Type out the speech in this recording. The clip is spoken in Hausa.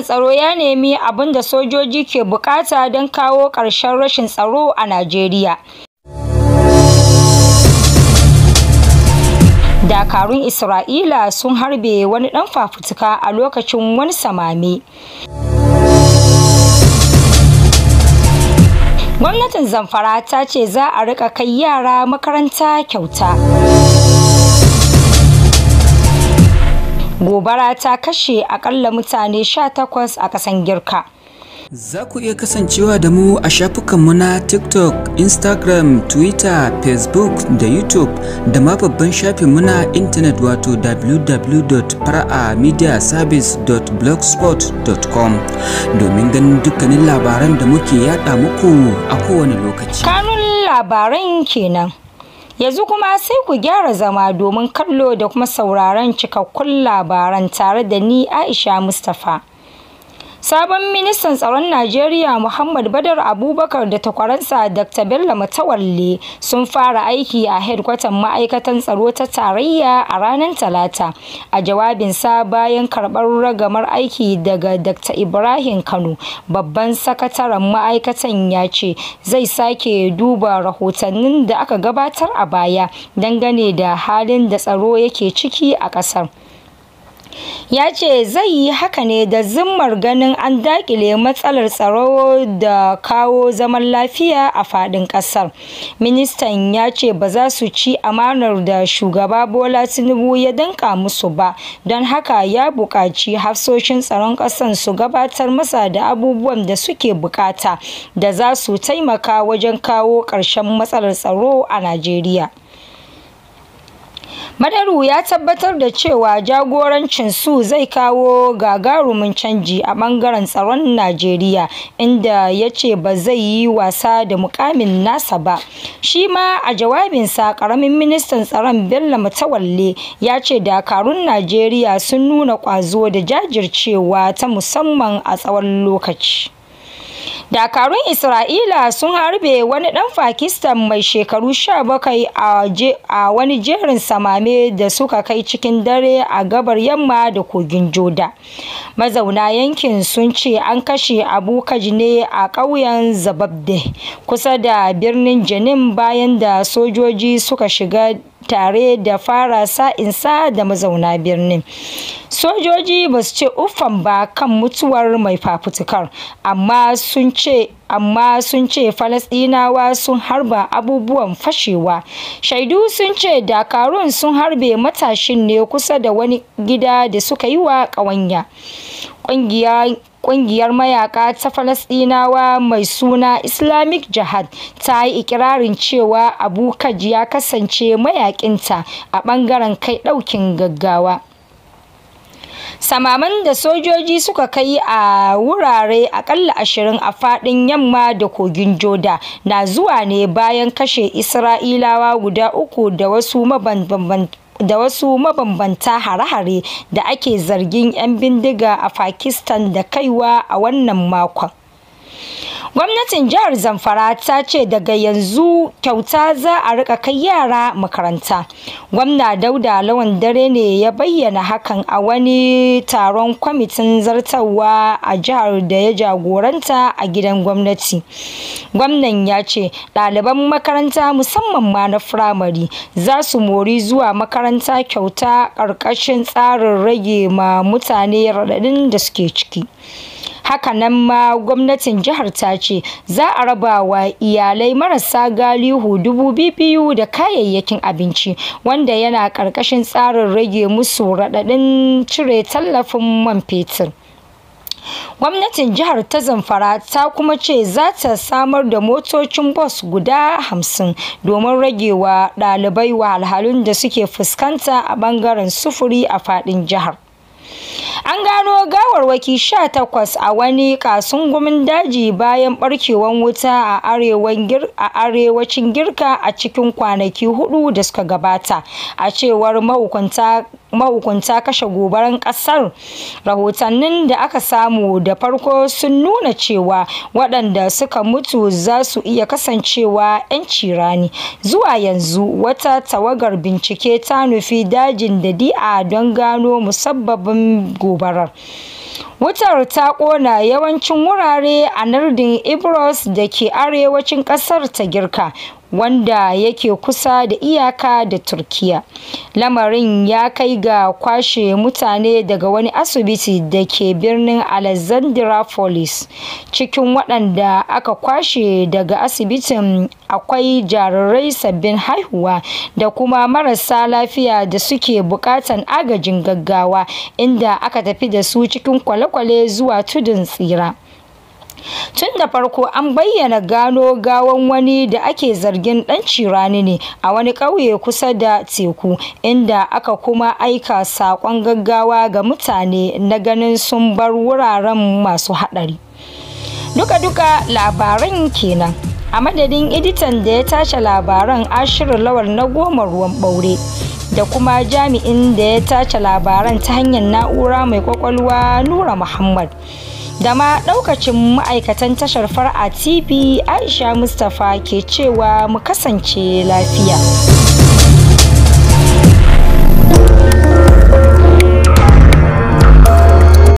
Ministan Tsaro ya nemi abin da sojoji ke buƙata don kawo ƙarshen rashin tsaro a Najeriya. Dakarun Isra'ila sun harbe wani ɗan fafutuka a lokacin wani samame. Gwamnatin Zamfara ta ce za a riƙa kai yara makaranta kyauta. gobara ta kashe akalla mutane sha takwas a kasan girka za ku iya kasancewa da mu a shafukanmu na tiktok instagram twitter facebook da youtube da ma babban shafin muna intanet wato www.fara'amediaservice.blogspot.com domin ganin dukkanin labaran da muke yada muku a kowane lokaci kanun labaran kenan Yanzu kuma sai ku gyara zama domin kallo da kuma sauraron cikakkun labaran tare da ni Aisha mustafa. Sabon ministan tsaron Najeriya Muhammad Badar Abubakar da takwaransa Dr. Bello Matawalle sun fara aiki a hedkwatan ma'aikatan tsaro ta tarayya a ranar Talata. A jawabinsa bayan karɓar ragamar aiki daga Dr. Ibrahim Kano, babban sakataren ma'aikatan ya ce zai sake duba rahotannin da aka gabatar a baya dangane da halin da tsaro yake ciki a ƙasar. ya ce zai yi haka ne da zimmar ganin an dakile matsalar tsaro da kawo zaman lafiya a faɗin ƙasar ministan ya ce ba za su ci amanar da shugaba bola tinubu ya danka musu ba don haka ya buƙaci hafsoshin tsaron ƙasar su gabatar masa da abubuwan da suke bukata da za su taimaka wajen kawo ƙarshen matsalar tsaro a najeriya Madaru ya tabbatar da cewa jagorancin su zai kawo gagarumin canji a bangaren tsaron Najeriya inda ya ce ba zai yi wasa da mukamin nasa ba. Shi ma a jawabinsa ƙaramin ministan tsaron Bello Mutawalle ya ce dakarun Najeriya sun nuna ƙwazo da jajircewa ta musamman a tsawon lokaci. dakarun isra'ila sun harbe wani dan pakistan mai shekaru 17 a wani jerin samame da suka kai cikin dare a gabar yamma da kogin joda mazauna yankin sun ce an kashe abu kaji ne a ƙauyen zababde kusa da birnin janin bayan da sojoji suka shiga tare da fara sa'insa da mazauna birnin sojoji ba su ce ufan ba kan mutuwar mai fafutukar amma sun ce amma sun ce falasɗinawa sun harba abubuwan fashewa shaidu sun ce dakarun sun harbe matashin ne kusa da wani gida da suka yi wa ƙawanya Ƙungiyar mayaka ta Falasɗinawa mai suna Islamic Jihad ta yi ikirarin cewa Abu kaji ya kasance mayaƙinta a ɓangaren kai ɗaukin gaggawa. samaman da sojoji suka kai a wurare akalla ashirin a fadin yamma da kogin joda na zuwa ne bayan kashe isra'ilawa guda uku da wasu da wasu mabambanta hare-hare da ake zargin 'yan bindiga a Pakistan da kaiwa a wannan makon. Gwamnatin jihar Zamfara ta ce daga yanzu kyauta za a rika kai yara makaranta. Gwamna Dauda Lawan Dare ne ya bayyana hakan a wani taron kwamitin zartarwa a jihar da ya jagoranta a gidan gwamnati. Gwamnan ya ce ɗaliban makaranta musamman ma na firamare za su mori zuwa makaranta kyauta ƙarƙashin tsarin rage ma mutane raɗaɗin da suke ciki. haka nan ma gwamnatin jihar ta ce za a raba wa iyalai marasa galihu dubu biyu da kayayyakin abinci wanda yana karkashin tsarin rage musu raɗaɗin cire tallafin man fetur gwamnatin jihar ta zamfara ta kuma ce za ta samar da motocin bus guda hamsin domin rage wa ɗalibai wahalhalun da suke fuskanta a ɓangaren sufuri a faɗin jihar An gano gawarwaki takwas a wani kasungumin daji bayan barkewar wuta a arewacin Girka a cikin kwanaki hudu da suka gabata, a cewar mahukunta mahukunta kashe gobaran kasar rahotannin da aka samu da farko sun nuna cewa waɗanda suka mutu za su iya kasancewa 'yan cirani zuwa yanzu wata tawagar bincike ta nufi dajin da di'a don gano musabbabin gobarar wutar ta kona yawancin wurare a nardin ibros da ke arewacin ƙasar ta girka wanda yake kusa da iyaka da turkiya Lamarin ya kai ga kwashe mutane daga wani asibiti da ke birnin Alexandropolis. Cikin waɗanda aka kwashe daga asibitin akwai jarirai sabbin haihuwa da kuma marasa lafiya da suke buƙatan agajin gaggawa inda aka tafi da su cikin kwale-kwale zuwa tudun tsira. tun da farko an bayyana gano gawan wani da ake zargin dan cirani ne a wani ƙauye kusa da teku inda aka kuma aika saƙon gaggawa ga mutane na ganin sun bar wuraren masu haɗari duka-duka labaran kenan a madadin editan da ya tace labaran ashirin lawar na goma ruwan ɓaure da kuma jami'in da ya tace labaran ta hanyar na'ura mai kwakwalwa nura muhammad da ma daukacin ma'aikatan tashar far'a tv aisha mustapha ke cewa mu kasance lafiya